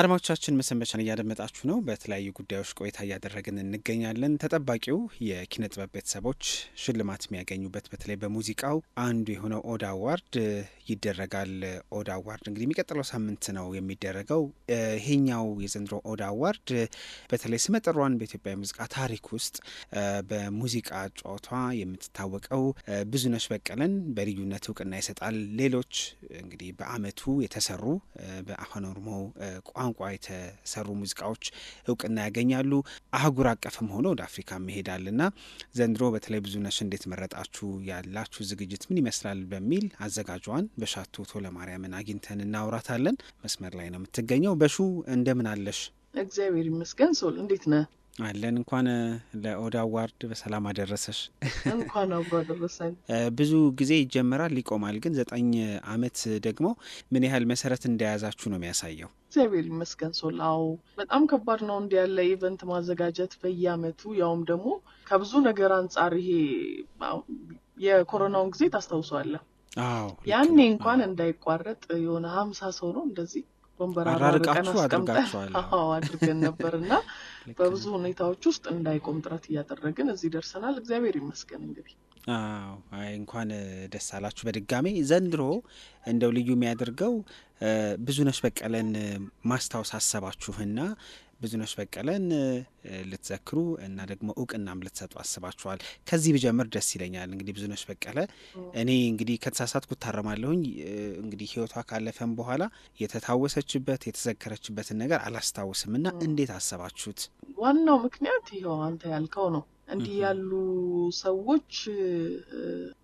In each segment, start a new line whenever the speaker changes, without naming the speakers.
አድማጮቻችን መሰንበቻን እያደመጣችሁ ነው። በተለያዩ ጉዳዮች ቆይታ እያደረግን እንገኛለን። ተጠባቂው የኪነ ጥበብ ቤተሰቦች ሽልማት የሚያገኙበት በተለይ በሙዚቃው አንዱ የሆነው ኦዳ አዋርድ ይደረጋል። ኦዳ አዋርድ እንግዲህ የሚቀጥለው ሳምንት ነው የሚደረገው። ይሄኛው የዘንድሮ ኦዳ አዋርድ በተለይ ስመጥሯን በኢትዮጵያ ሙዚቃ ታሪክ ውስጥ በሙዚቃ ጨዋቷ የምትታወቀው ብዙነሽ በቀለን በልዩነት እውቅና ይሰጣል። ሌሎች እንግዲህ በአመቱ የተሰሩ በአፋን ኦሮሞ ቋንቋ የተሰሩ ሙዚቃዎች እውቅና ያገኛሉ። አህጉር አቀፍም ሆኖ ወደ አፍሪካም ይሄዳልና ዘንድሮ በተለይ ነሽ እንዴት መረጣችሁ ያላችሁ ዝግጅት ምን ይመስላል በሚል አዘጋጇን በሻቱ ቶለማርያምን አግኝተን እናውራታለን። መስመር ላይ ነው የምትገኘው። በሹ እንደምን አለሽ?
እግዚአብሔር ይመስገን። ሶል እንዴት ነህ?
አለን እንኳን ለኦድ አዋርድ በሰላም አደረሰሽ።
እንኳን አብሮ አደረሰን።
ብዙ ጊዜ ይጀምራል ይቆማል፣ ግን ዘጠኝ አመት ደግሞ ምን ያህል መሰረት እንደያዛችሁ ነው የሚያሳየው።
እግዚአብሔር ይመስገን ሶላው በጣም ከባድ ነው እንዲ ያለ ኢቨንት ማዘጋጀት በየአመቱ ያውም ደግሞ ከብዙ ነገር አንጻር ይሄ የኮሮናውን ጊዜ ታስታውሷለህ? ያኔ እንኳን እንዳይቋረጥ የሆነ ሀምሳ ሰው ነው እንደዚህ
ወንበር አራርቃችሁ
አድርገን ነበር እና በብዙ ሁኔታዎች ውስጥ እንዳይቆም ጥረት እያደረግን እዚህ ደርሰናል። እግዚአብሔር ይመስገን። እንግዲህ
አይ እንኳን ደስ አላችሁ በድጋሜ። ዘንድሮ እንደው ልዩ የሚያደርገው ብዙ ነች በቀለን ማስታወስ አሰባችሁና ብዙነሽ በቀለን ልትዘክሩ እና ደግሞ እውቅናም ልትሰጡ አስባችኋል። ከዚህ ብጀምር ደስ ይለኛል። እንግዲህ ብዙነሽ በቀለ እኔ እንግዲህ ከተሳሳትኩ ታረማለሁኝ። እንግዲህ ህይወቷ ካለፈም በኋላ የተታወሰችበት የተዘከረችበትን ነገር አላስታውስም እና እንዴት አሰባችሁት?
ዋናው ምክንያት ይኸው አንተ ያልከው ነው። እንዲህ ያሉ ሰዎች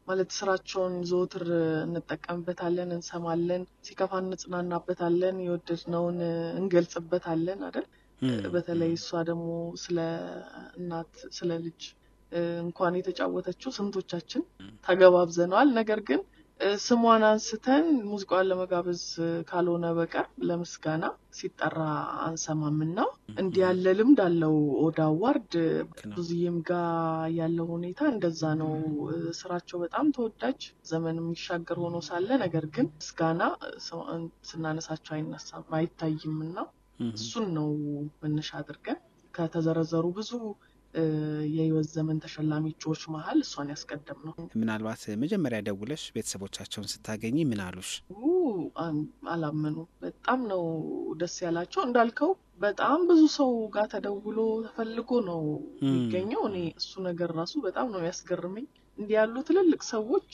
ማለት ስራቸውን ዘወትር እንጠቀምበታለን፣ እንሰማለን፣ ሲከፋ እንጽናናበታለን፣ የወደድነውን እንገልጽበታለን አይደል? በተለይ እሷ ደግሞ ስለ እናት ስለ ልጅ እንኳን የተጫወተችው ስንቶቻችን ተገባብዘነዋል። ነገር ግን ስሟን አንስተን ሙዚቃዋን ለመጋበዝ ካልሆነ በቀር ለምስጋና ሲጠራ አንሰማምና እንዲህ ያለ ልምድ አለው ኦዳ አዋርድ። ብዙዬም ጋር ያለው ሁኔታ እንደዛ ነው። ስራቸው በጣም ተወዳጅ ዘመን የሚሻገር ሆኖ ሳለ ነገር ግን ምስጋና ስናነሳቸው አይነሳም አይታይም እና እሱን ነው መነሻ አድርገን ከተዘረዘሩ ብዙ የህይወት ዘመን ተሸላሚዎች መሀል እሷን ያስቀደም ነው።
ምናልባት መጀመሪያ ደውለሽ ቤተሰቦቻቸውን ስታገኝ ምን አሉሽ?
አላመኑ። በጣም ነው ደስ ያላቸው። እንዳልከው በጣም ብዙ ሰው ጋር ተደውሎ ተፈልጎ ነው የሚገኘው። እኔ እሱ ነገር ራሱ በጣም ነው ያስገርመኝ። እንዲህ ያሉ ትልልቅ ሰዎች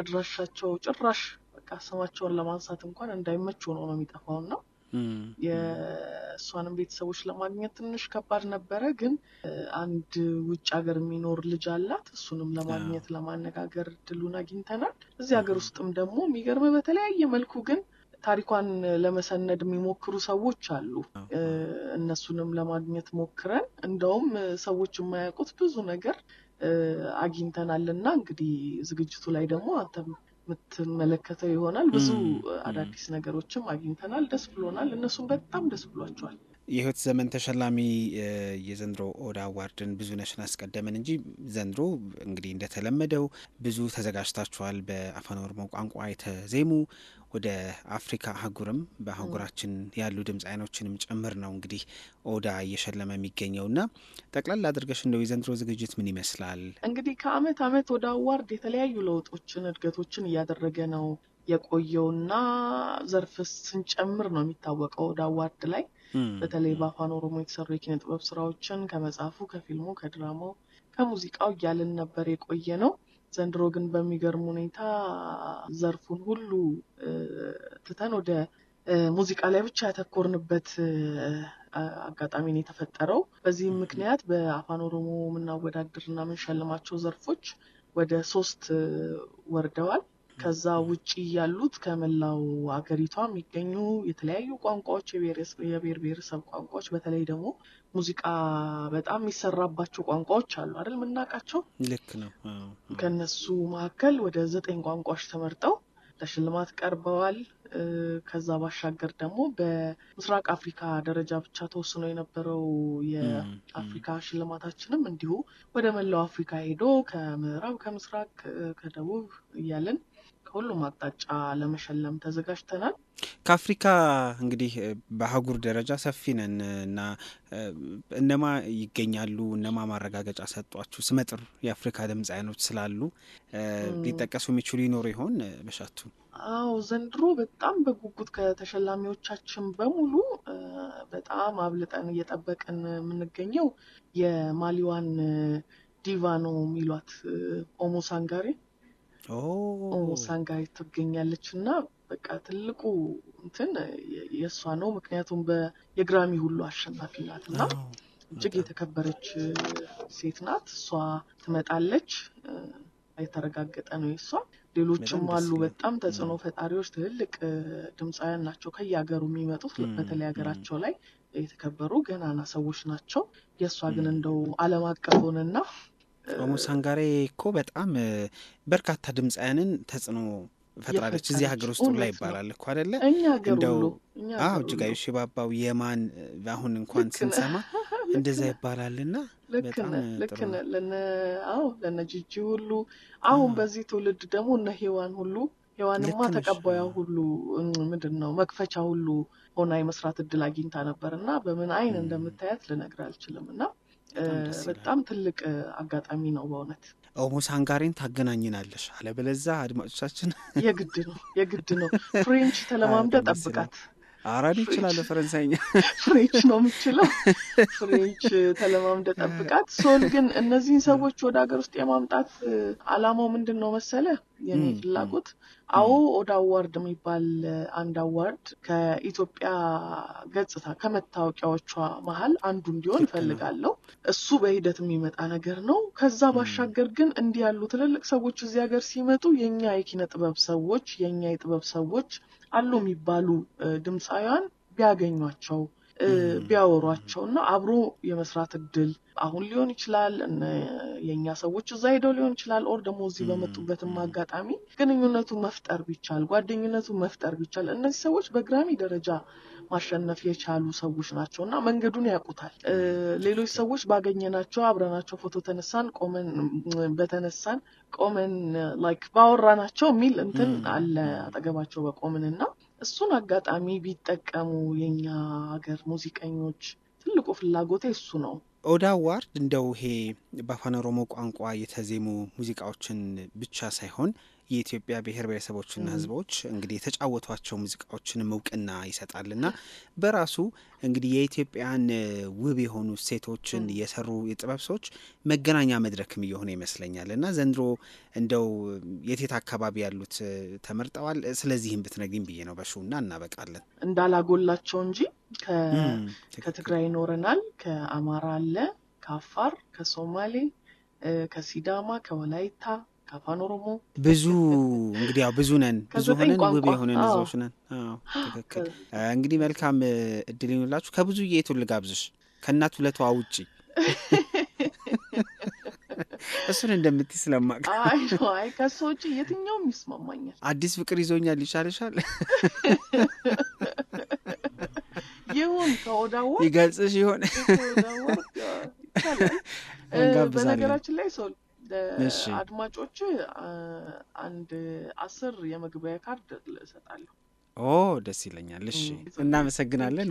አድራሻቸው ጭራሽ በቃ ስማቸውን ለማንሳት እንኳን እንዳይመች ሆኖ ነው የሚጠፋውና የእሷንም ቤተሰቦች ለማግኘት ትንሽ ከባድ ነበረ። ግን አንድ ውጭ ሀገር የሚኖር ልጅ አላት። እሱንም ለማግኘት ለማነጋገር እድሉን አግኝተናል። እዚህ ሀገር ውስጥም ደግሞ የሚገርም በተለያየ መልኩ ግን ታሪኳን ለመሰነድ የሚሞክሩ ሰዎች አሉ። እነሱንም ለማግኘት ሞክረን እንደውም ሰዎች የማያውቁት ብዙ ነገር አግኝተናል እና እንግዲህ ዝግጅቱ ላይ ደግሞ አንተም የምትመለከተው ይሆናል። ብዙ አዳዲስ ነገሮችም አግኝተናል። ደስ ብሎናል። እነሱም በጣም ደስ ብሏቸዋል።
የህይወት ዘመን ተሸላሚ የዘንድሮ ኦዳ አዋርድን ብዙነሽን አስቀደምን እንጂ ዘንድሮ እንግዲህ እንደተለመደው ብዙ ተዘጋጅታችኋል። በአፋን ኦሮሞ ቋንቋ የተዜሙ ወደ አፍሪካ አህጉርም በአህጉራችን ያሉ ድምፅ አይኖችንም ጭምር ነው እንግዲህ ኦዳ እየሸለመ የሚገኘው እና ጠቅላላ አድርገሽ እንደው የዘንድሮ ዝግጅት ምን ይመስላል?
እንግዲህ ከአመት አመት ኦዳ አዋርድ የተለያዩ ለውጦችን እድገቶችን እያደረገ ነው የቆየውና ዘርፍ ስንጨምር ነው የሚታወቀው ኦዳ አዋርድ ላይ በተለይ በአፋን ኦሮሞ የተሰሩ የኪነ ጥበብ ስራዎችን ከመጽሐፉ፣ ከፊልሙ፣ ከድራማው፣ ከሙዚቃው እያልን ነበር የቆየ ነው። ዘንድሮ ግን በሚገርም ሁኔታ ዘርፉን ሁሉ ትተን ወደ ሙዚቃ ላይ ብቻ ያተኮርንበት አጋጣሚ ነው የተፈጠረው። በዚህም ምክንያት በአፋን ኦሮሞ የምናወዳድር እና የምንሸልማቸው ዘርፎች ወደ ሶስት ወርደዋል። ከዛ ውጪ ያሉት ከመላው አገሪቷ የሚገኙ የተለያዩ ቋንቋዎች የብሔር ብሔረሰብ ቋንቋዎች በተለይ ደግሞ ሙዚቃ በጣም የሚሰራባቸው ቋንቋዎች አሉ አይደል የምናውቃቸው። ልክ ነው። ከነሱ መካከል ወደ ዘጠኝ ቋንቋዎች ተመርጠው ለሽልማት ቀርበዋል። ከዛ ባሻገር ደግሞ በምስራቅ አፍሪካ ደረጃ ብቻ ተወስኖ የነበረው የአፍሪካ ሽልማታችንም እንዲሁ ወደ መላው አፍሪካ ሄዶ ከምዕራብ፣ ከምስራቅ፣ ከደቡብ እያለን ከሁሉም አቅጣጫ ለመሸለም ተዘጋጅተናል።
ከአፍሪካ እንግዲህ በአህጉር ደረጃ ሰፊ ነን እና እነማ ይገኛሉ? እነማ ማረጋገጫ ሰጧችሁ? ስመጥር የአፍሪካ አይኖች ስላሉ ሊጠቀሱ የሚችሉ ይኖሩ ይሆን? በሻቱ
አዎ፣ ዘንድሮ በጣም በጉጉት ከተሸላሚዎቻችን በሙሉ በጣም አብልጠን እየጠበቅን የምንገኘው የማሊዋን ዲቫ ነው የሚሏት ኦሞ ሳንጋሬ
ኦ
ሳንጋይ ትገኛለች እና በቃ ትልቁ እንትን የእሷ ነው። ምክንያቱም የግራሚ ሁሉ አሸናፊ ናት እና እጅግ የተከበረች ሴት ናት። እሷ ትመጣለች፣ የተረጋገጠ ነው የእሷ። ሌሎችም አሉ በጣም ተጽዕኖ ፈጣሪዎች ትልልቅ ድምፃውያን ናቸው ከየሀገሩ የሚመጡት በተለይ ሀገራቸው ላይ የተከበሩ ገናና ሰዎች ናቸው። የእሷ ግን እንደው አለም አቀፍ ሆነና
ኦሞስ ሳንጋሬ እኮ በጣም በርካታ ድምፃያንን ተጽዕኖ ፈጥራለች። እዚህ ሀገር ውስጥ ሁላ ይባላል እኮ አደለ? እንደው አዎ፣ እጅጋየሁ ሽባባው የማን አሁን እንኳን ስንሰማ እንደዛ ይባላልና
ልክነው ለነ ጂጂ ሁሉ አሁን በዚህ ትውልድ ደግሞ እነ ሄዋን ሁሉ ሄዋንማ ተቀባያ ሁሉ ምንድን ነው መክፈቻ ሁሉ ሆና የመስራት እድል አግኝታ ነበር እና በምን አይን እንደምታያት ልነግር አልችልም እና በጣም ትልቅ አጋጣሚ ነው በእውነት።
ኦሞ ሳንጋሬን ታገናኝናለሽ። አለበለዛ አድማጮቻችን
የግድ ነው የግድ ነው። ፍሬንች ተለማምደ ጠብቃት።
አራድ ይችላለ ፈረንሳይኛ
ፍሬንች ነው የምችለው። ፍሬንች ተለማምደ ጠብቃት። ሶል ግን እነዚህን ሰዎች ወደ ሀገር ውስጥ የማምጣት አላማው ምንድን ነው መሰለ የኔ ፍላጎት። አዎ ኦዳ አዋርድ የሚባል አንድ አዋርድ ከኢትዮጵያ ገጽታ ከመታወቂያዎቿ መሀል አንዱ እንዲሆን እፈልጋለሁ። እሱ በሂደት የሚመጣ ነገር ነው። ከዛ ባሻገር ግን እንዲህ ያሉ ትልልቅ ሰዎች እዚህ ሀገር ሲመጡ የኛ የኪነ ጥበብ ሰዎች የኛ የጥበብ ሰዎች አሉ የሚባሉ ድምፃውያን ቢያገኟቸው ቢያወሯቸው እና አብሮ የመስራት እድል አሁን ሊሆን ይችላል የእኛ ሰዎች እዛ ሄደው ሊሆን ይችላል ኦር ደግሞ እዚህ በመጡበትም አጋጣሚ ግንኙነቱ መፍጠር ቢቻል ጓደኝነቱ መፍጠር ቢቻል እነዚህ ሰዎች በግራሚ ደረጃ ማሸነፍ የቻሉ ሰዎች ናቸው እና መንገዱን ያውቁታል። ሌሎች ሰዎች ባገኘናቸው አብረናቸው ፎቶ ተነሳን፣ ቆመን በተነሳን ቆመን ላይክ ናቸው የሚል እንትን አለ አጠገባቸው በቆምን እና እሱን አጋጣሚ ቢጠቀሙ የኛ ሀገር ሙዚቀኞች ትልቁ ፍላጎቴ እሱ ነው።
ኦዳ ዋርድ እንደው ይሄ በአፋን ኦሮሞ ቋንቋ የተዜሙ ሙዚቃዎችን ብቻ ሳይሆን የኢትዮጵያ ብሔር ብሔረሰቦችና ህዝቦች እንግዲህ የተጫወቷቸው ሙዚቃዎችን እውቅና ይሰጣልና በራሱ እንግዲህ የኢትዮጵያን ውብ የሆኑ ሴቶችን የሰሩ የጥበብ ሰዎች መገናኛ መድረክም እየሆነ ይመስለኛል እና ዘንድሮ እንደው የቴት አካባቢ ያሉት ተመርጠዋል። ስለዚህም ብትነግኝ ብዬ ነው እና እናበቃለን
እንዳላጎላቸው እንጂ ከትግራይ ይኖረናል፣ ከአማራ አለ፣ ከአፋር፣ ከሶማሌ፣ ከሲዳማ፣ ከወላይታ አፋን ኦሮሞ
ብዙ እንግዲህ ያው ብዙ ነን ብዙ ሆነን ውብ የሆነን ህዝቦች ነን። ትክክል። እንግዲህ መልካም እድል ይኑላችሁ። ከብዙ የቱን ልጋብዝሽ? ከእናት ሁለቷ ውጪ እሱን እንደምትይ ስለማቅ
አይ ከሱ ውጭ የትኛውም ይስማማኛል።
አዲስ ፍቅር ይዞኛል ይሻልሻል
ይሁን ከወዳወር
ይገልጽሽ ይሆን?
በነገራችን ላይ ሰው ለአድማጮች አንድ አስር የመግቢያ ካርድ እሰጣለሁ።
ኦ ደስ ይለኛል። እሺ እናመሰግናለን።